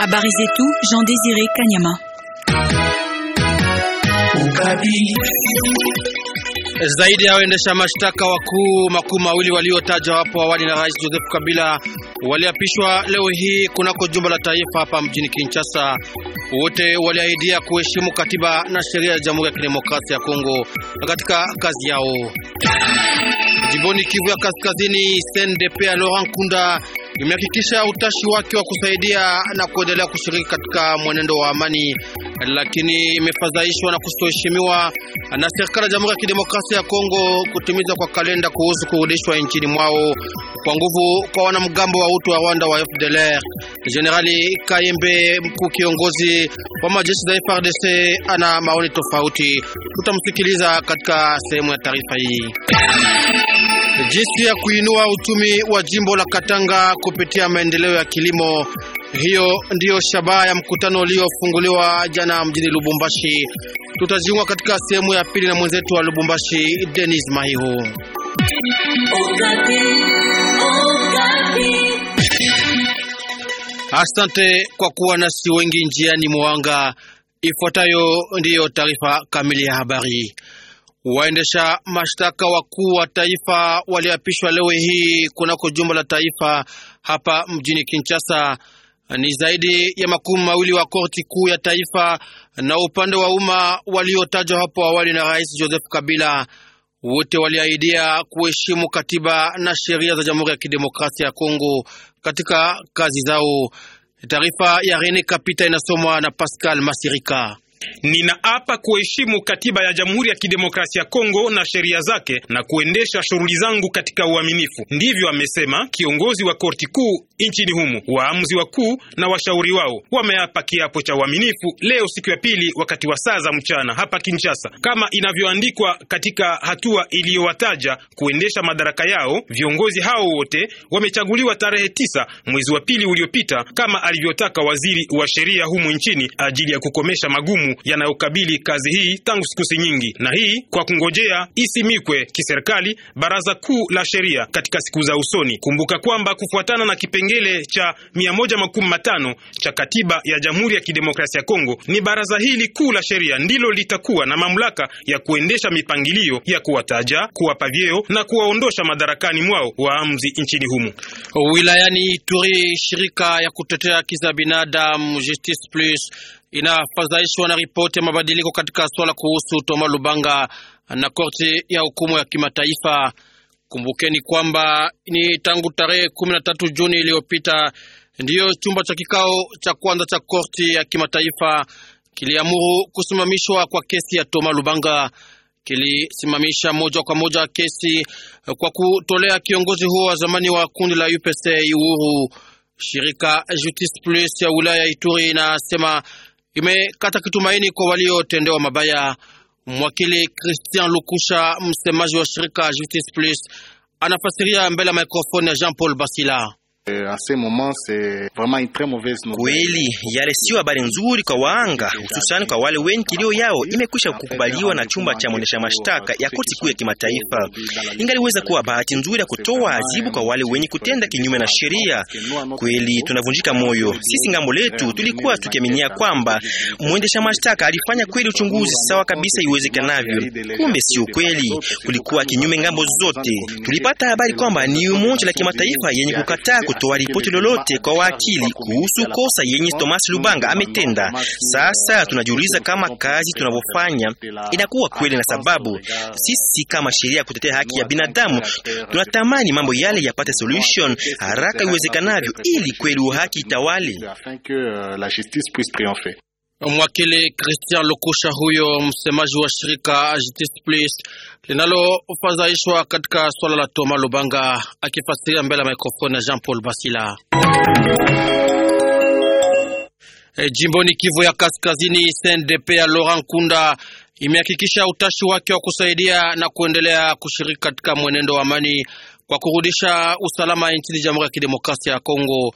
Habari zetu Jean Désiré Kanyama. Zaidi ya waendesha mashtaka wakuu makuu mawili waliotajwa hapo awali na Rais Joseph Kabila waliapishwa leo hii kunako jumba la taifa hapa mjini Kinshasa. Wote waliahidia kuheshimu katiba na sheria ya Jamhuri ya Kidemokrasia ya Kongo katika kazi yao. Jimboni Kivu ya Kaskazini, CNDP ya Laurent kunda imehakikisha utashi wake wa kusaidia na kuendelea kushiriki katika mwenendo wa amani, lakini imefadhaishwa na kustoheshimiwa na serikali ya Jamhuri ya Kidemokrasia ya Kongo kutimiza kwa kalenda kuhusu kurudishwa nchini mwao kwa nguvu kwa wanamgambo wa utu wa Rwanda wa FDLR. Jenerali Kayembe, mkuu kiongozi wa majeshi za frdc ana maoni tofauti. Tutamsikiliza katika sehemu ya taarifa hii jinsi ya kuinua uchumi wa jimbo la Katanga kupitia maendeleo ya kilimo. Hiyo ndiyo shabaha ya mkutano uliofunguliwa jana mjini Lubumbashi. Tutajiunga katika sehemu ya pili na mwenzetu wa Lubumbashi, Denis Mahihu. Asante kwa kuwa nasi wengi njiani mwanga. Ifuatayo ndiyo taarifa kamili ya habari. Waendesha mashtaka wakuu wa taifa waliapishwa leo hii kunako jumba la taifa hapa mjini Kinshasa. Ni zaidi ya makumi mawili wa korti kuu ya taifa na upande wa umma waliotajwa hapo awali na Rais Joseph Kabila. Wote waliahidia kuheshimu katiba na sheria za Jamhuri ya Kidemokrasia ya Kongo katika kazi zao. Taarifa ya Rene Kapita inasomwa na Pascal Masirika. Ninaapa kuheshimu katiba ya Jamhuri ya Kidemokrasia ya Kongo na sheria zake na kuendesha shughuli zangu katika uaminifu. Ndivyo amesema kiongozi wa korti kuu nchini humo. Waamuzi wakuu na washauri wao wameapa kiapo cha uaminifu leo siku ya pili, wakati wa saa za mchana hapa Kinshasa, kama inavyoandikwa katika hatua iliyowataja kuendesha madaraka yao. Viongozi hao wote wamechaguliwa tarehe tisa mwezi wa pili uliopita, kama alivyotaka waziri wa sheria humo nchini ajili ya kukomesha magumu magumu yanayokabili kazi hii tangu siku nyingi, na hii kwa kungojea isimikwe kiserikali baraza kuu la sheria katika siku za usoni. Kumbuka kwamba kufuatana na kipengele cha 115 cha katiba ya Jamhuri ya Kidemokrasia ya Kongo, ni baraza hili kuu la sheria ndilo litakuwa na mamlaka ya kuendesha mipangilio ya kuwataja, kuwapa vyeo na kuwaondosha madarakani mwao waamuzi nchini humo. Wilayani Ituri, shirika ya kutetea haki za binadamu Justice Plus inafadhaishwa na ripoti ya mabadiliko katika swala kuhusu Toma Lubanga na korti ya hukumu ya kimataifa. Kumbukeni kwamba ni tangu tarehe 13 Juni iliyopita ndiyo chumba cha kikao cha kwanza cha korti ya kimataifa kiliamuru kusimamishwa kwa kesi ya Toma Lubanga. Kilisimamisha moja kwa moja kesi kwa kutolea kiongozi huo wa zamani wa kundi la UPC uhuru. Shirika Justice Plus ya wilaya Ituri inasema imekata kitumaini kwa waliotendewa mabaya. Mwakili Christian Lukusha, msemaji wa shirika Justice Plus, anafasiria mbele ya mikrofoni ya Jean Paul Basila. Euh, kweli yale sio habari nzuri kwa waanga, hususani kwa wale wenye kilio yao imekwisha kukubaliwa na chumba cha mwendesha mashtaka ya koti kuu ya kimataifa. Ingaliweza kuwa bahati nzuri ya kutoa adhabu kwa wale wenye kutenda kinyume na sheria. Kweli tunavunjika moyo sisi, ngambo letu tulikuwa tukiaminia kwamba mwendesha mashtaka alifanya kweli uchunguzi sawa kabisa iwezekanavyo, kumbe sio kweli, kulikuwa kinyume ngambo zote. Tulipata habari kwamba ni umoja la kimataifa yenye kukataa kutoa ripoti lolote kwa wakili kuhusu kosa yenye Thomas Lubanga ametenda. Sasa tunajiuliza kama kazi tunavyofanya inakuwa kweli, na sababu sisi kama sheria ya kutetea haki ya binadamu tunatamani mambo yale yapate solution haraka iwezekanavyo, ili kweli uhaki itawale. Mwakili Christian Lukusha, huyo msemaji wa shirika linalofadhaishwa katika swala la Toma Lubanga, akifasiria mbele ya mikrofoni ya Jean Paul Basila. E, jimboni Kivu ya Kaskazini, CNDP ya Laurent kunda imehakikisha utashi wake wa kusaidia na kuendelea kushiriki katika mwenendo wa amani kwa kurudisha usalama nchini Jamhuri ya Kidemokrasia ya Kongo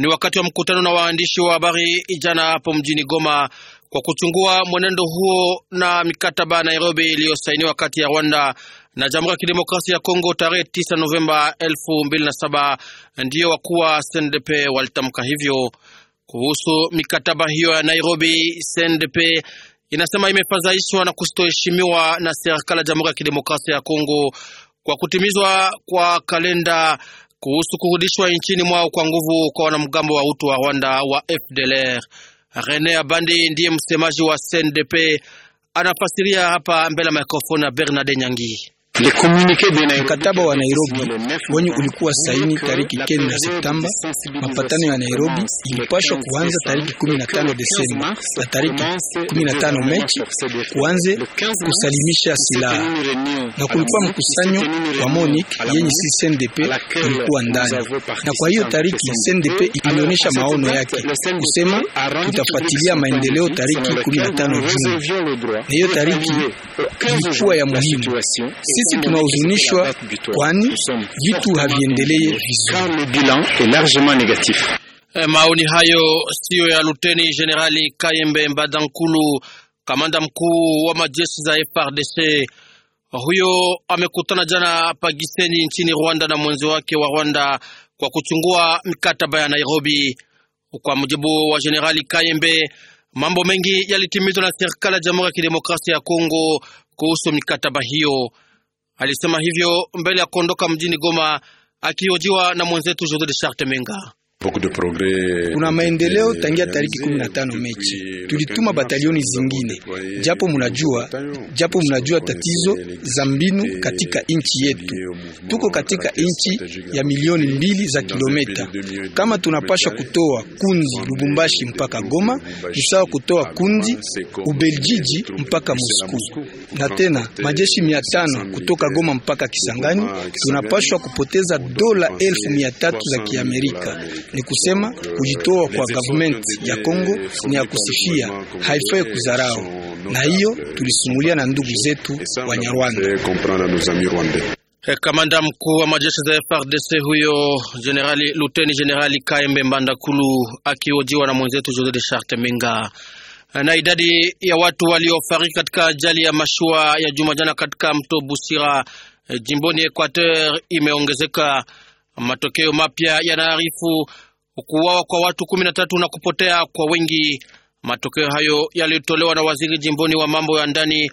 ni wakati wa mkutano na waandishi wa habari jana hapo mjini Goma kwa kuchungua mwenendo huo na mikataba ya Nairobi iliyosainiwa kati ya Rwanda na Jamhuri ya Kidemokrasia ya Kongo tarehe 9 Novemba 2007. Ndiyo wakuu wa CNDP walitamka hivyo kuhusu mikataba hiyo ya Nairobi. CNDP inasema imefadhaishwa na kustoheshimiwa na serikali ya Jamhuri ya Kidemokrasia ya Kongo kwa kutimizwa kwa kalenda kuhusu kurudishwa nchini mwao kwa nguvu kwa wanamgambo wa utu wa Rwanda wa FDLR. Rene Abandi ndiye msemaji wa CNDP, anafasiria hapa mbele ya mikrofoni ya Bernard Nyangi. Mkataba wa Nairobi wenye ulikuwa saini tariki kenda na Septemba, mapatano ya Nairobi ilipashwa kuanza tariki 15 Desemba na tariki 15 Mechi kuanze kusalimisha silaha, na kulikuwa mkusanyo wa MONUC yenye si CNDP ilikuwa ndani, na kwa hiyo tariki CNDP ilionyesha maono yake kusema tutafuatilia maendeleo tariki 15 Juni, na hiyo tariki ilikuwa ya muhimu. Sisi tunahuzunishwa, kwani vitu haviendelee vizuri. Eh, maoni hayo siyo ya Luteni Jenerali Kayembe Mbadankulu, kamanda mkuu wa majeshi za FRDC. Huyo amekutana jana Pagisenyi nchini Rwanda na mwenzi wake wa Rwanda kwa kuchungua mikataba ya Nairobi. Kwa mujibu wa Jenerali Kayembe, mambo mengi yalitimizwa na serikali ya Jamhuri ya Kidemokrasia ya Kongo kuhusu mikataba hiyo. Alisema hivyo mbele ya kuondoka mjini Goma, akihojiwa na mwenzetu Jose de Charte Menga. Kuna maendeleo tangia tariki 15 Mechi, tulituma batalioni zingine, japo munajua, japo mnajua tatizo za mbinu katika inchi yetu. Tuko katika inchi ya milioni mbili za kilomita. Kama tunapashwa kutoa kunzi Lubumbashi mpaka Goma, ni sawa kutoa kunzi Ubeljiji mpaka Moscou, na tena majeshi mia tano kutoka Goma mpaka Kisangani, tunapashwa kupoteza dola elfu mia tatu za Kiamerika. Ni kusema kujitoa kwa government ya Kongo ni ya kusifia, haifai kuzarau, na hiyo tulisumulia na ndugu zetu wa Nyarwanda. Eh, kamanda mkuu wa majeshi za frdc huyo generali, luteni generali Kaembe Mbandakulu akiojiwa na mwenzetu Jose de Charte Menga. Eh, na idadi ya watu waliofariki katika ajali ya mashua ya juma jana katika mto Busira eh, jimboni Equateur imeongezeka. Matokeo mapya yanaarifu kuuawa kwa watu kumi na tatu na kupotea kwa wengi. Matokeo hayo yalitolewa na waziri jimboni wa mambo ya ndani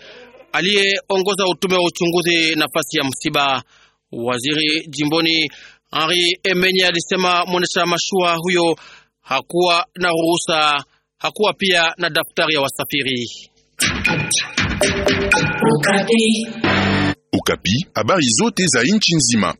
aliyeongoza utume wa uchunguzi nafasi ya msiba. Waziri jimboni Henri Emenye alisema mwendesha mashua huyo hakuwa na ruhusa, hakuwa pia na daftari ya wasafiri. Ukapi, habari zote za nchi nzima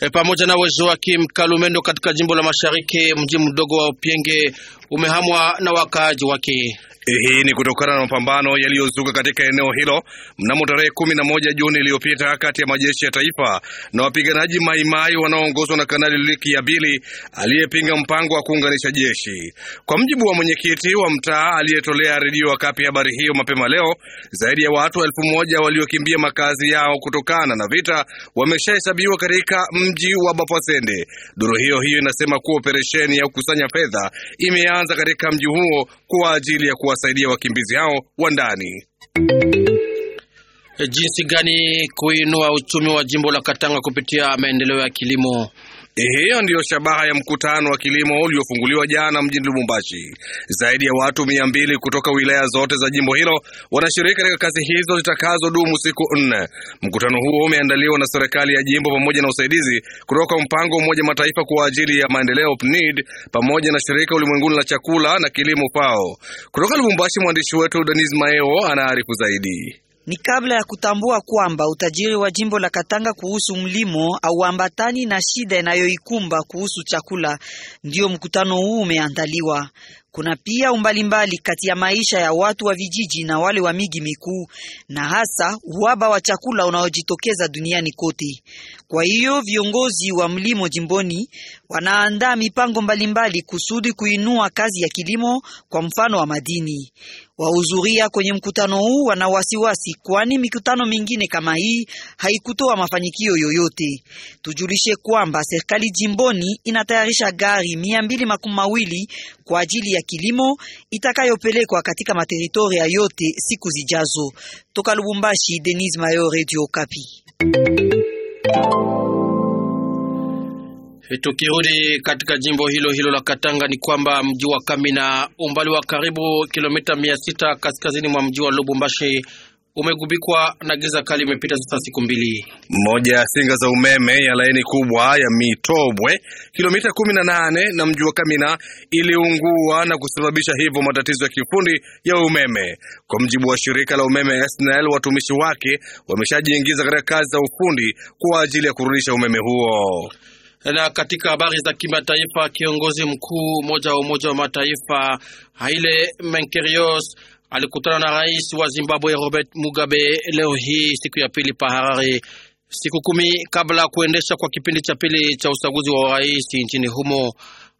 E, pamoja nawe Joakim Kalumendo katika jimbo la mashariki mji mdogo wa Upyenge umehamwa na wakaaji wake. Eh, hii ni kutokana na mapambano yaliyozuka katika eneo hilo mnamo tarehe kumi na moja Juni iliyopita kati ya majeshi ya taifa na wapiganaji Maimai wanaoongozwa na Kanali Liki ya Bili aliyepinga mpango wa kuunganisha jeshi. Kwa mjibu wa mwenyekiti wa mtaa aliyetolea redio Wakapi habari hiyo mapema leo, zaidi ya watu elfu moja waliokimbia makazi yao kutokana na vita wameshahesabiwa katika mji wa Bapwasende. Duru hiyo hiyo inasema kuwa operesheni ya kukusanya fedha imeanza itaanza katika mji huo kwa ajili ya kuwasaidia wakimbizi hao wa ndani. Jinsi gani kuinua uchumi wa jimbo la Katanga kupitia maendeleo ya kilimo. Hiyo ndiyo shabaha ya mkutano wa kilimo uliofunguliwa jana mjini Lubumbashi. Zaidi ya watu mia mbili kutoka wilaya zote za jimbo hilo wanashiriki katika kazi hizo zitakazodumu siku nne. Mkutano huo umeandaliwa na serikali ya jimbo pamoja na usaidizi kutoka mpango wa Umoja Mataifa kwa ajili ya maendeleo PNID e pamoja na shirika ulimwenguni la chakula na kilimo FAO. Kutoka Lubumbashi, mwandishi wetu Denis Maeo anaarifu zaidi ni kabla ya kutambua kwamba utajiri wa jimbo la Katanga kuhusu mlimo auambatani na shida inayoikumba kuhusu chakula. Ndiyo mkutano huu umeandaliwa. Kuna pia umbali mbali kati ya maisha ya watu wa vijiji na wale wa miji mikuu na hasa uhaba wa chakula unaojitokeza duniani kote. Kwa hiyo viongozi wa mlimo jimboni wanaandaa mipango mbalimbali kusudi kuinua kazi ya kilimo, kwa mfano wa madini. Wahudhuria kwenye mkutano huu wana wasiwasi, kwani mikutano mingine kama hii haikutoa mafanikio yoyote. Tujulishe kwamba serikali jimboni inatayarisha gari mia mbili makumi mawili kwa ajili ya kilimo itakayopelekwa katika materitoria yote siku zijazo. Toka Lubumbashi, Denis Mayo, Radio Okapi. Tukirudi katika jimbo hilo hilo la Katanga ni kwamba mji wa Kamina umbali wa karibu kilomita mia sita kaskazini mwa mji wa Lubumbashi umegubikwa na giza kali, imepita sasa siku mbili. Moja ya singa za umeme ya laini kubwa ya Mitobwe kilomita 18 na mji wa Kamina iliungua na kusababisha hivyo matatizo ya kiufundi ya umeme. Kwa mjibu wa shirika la umeme SNEL, watumishi wake wameshajiingiza katika kazi za ufundi kwa ajili ya kurudisha umeme huo. Na katika habari za kimataifa, kiongozi mkuu mmoja wa Umoja wa Mataifa Haile Menkerios alikutana na rais wa Zimbabwe Robert Mugabe leo hii siku ya pili pa Harare, siku kumi kabla ya kuendesha kwa kipindi cha pili cha uchaguzi wa urais nchini humo.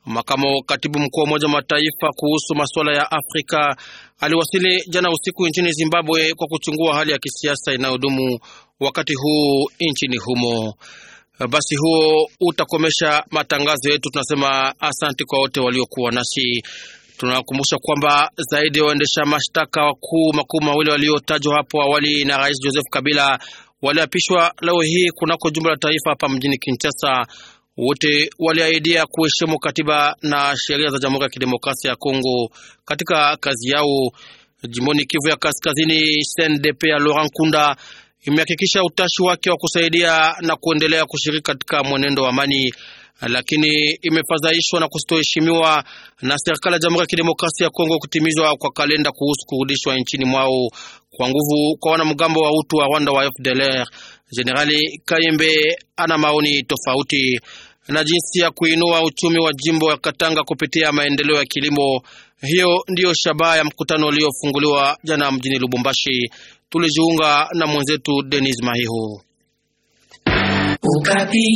Makamo katibu mkuu wa Umoja Mataifa kuhusu masuala ya Afrika aliwasili jana usiku nchini Zimbabwe kwa kuchungua hali ya kisiasa inayodumu wakati huu nchini humo. Basi huo utakomesha matangazo yetu. Tunasema asanti kwa wote waliokuwa nasi. Tunakumbusha kwamba zaidi ya waendesha mashtaka wakuu makuu mawili waliotajwa hapo awali na Rais Joseph Kabila waliapishwa leo hii kunako jumba la taifa hapa mjini Kinshasa. Wote waliahidia kuheshimu katiba na sheria za Jamhuri ya Kidemokrasia ya Kongo katika kazi yao. Jimboni Kivu ya Kaskazini, CNDP ya Laurent Kunda imehakikisha utashi wake wa kusaidia na kuendelea kushiriki katika mwenendo wa amani lakini imefadhaishwa na kustoheshimiwa na serikali ya Jamhuri ya Kidemokrasia ya Kongo kutimizwa kwa kalenda kuhusu kurudishwa nchini mwao kwa nguvu kwa wanamgambo wa utu wa Rwanda wa FDLR. Jenerali Kayembe ana maoni tofauti na jinsi ya kuinua uchumi wa jimbo ya Katanga kupitia maendeleo ya kilimo. Hiyo ndiyo shabaha ya mkutano uliofunguliwa jana mjini Lubumbashi. Tulijiunga na mwenzetu Denis Mahihu. o papi.